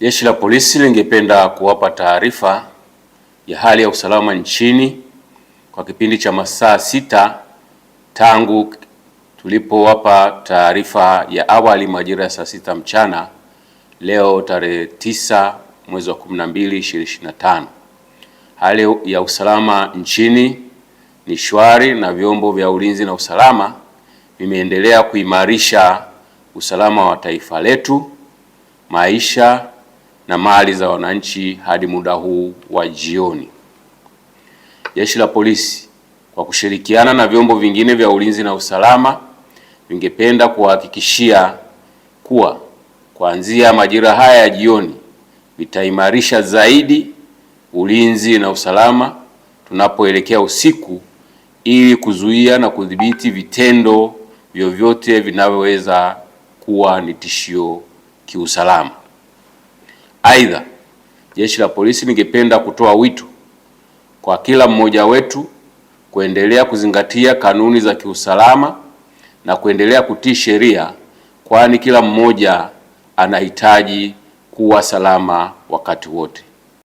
Jeshi la Polisi lingependa kuwapa taarifa ya hali ya usalama nchini kwa kipindi cha masaa sita tangu tulipowapa taarifa ya awali majira ya saa sita mchana leo tarehe 9 mwezi wa 12 2025. Hali ya usalama nchini ni shwari na vyombo vya ulinzi na usalama vimeendelea kuimarisha usalama wa taifa letu, maisha na mali za wananchi hadi muda huu wa jioni. Jeshi la Polisi kwa kushirikiana na vyombo vingine vya ulinzi na usalama vingependa kuhakikishia kuwa kuanzia majira haya ya jioni vitaimarisha zaidi ulinzi na usalama tunapoelekea usiku ili kuzuia na kudhibiti vitendo vyovyote vinavyoweza kuwa ni tishio kiusalama. Aidha, jeshi la polisi lingependa kutoa wito kwa kila mmoja wetu kuendelea kuzingatia kanuni za kiusalama na kuendelea kutii sheria, kwani kila mmoja anahitaji kuwa salama wakati wote.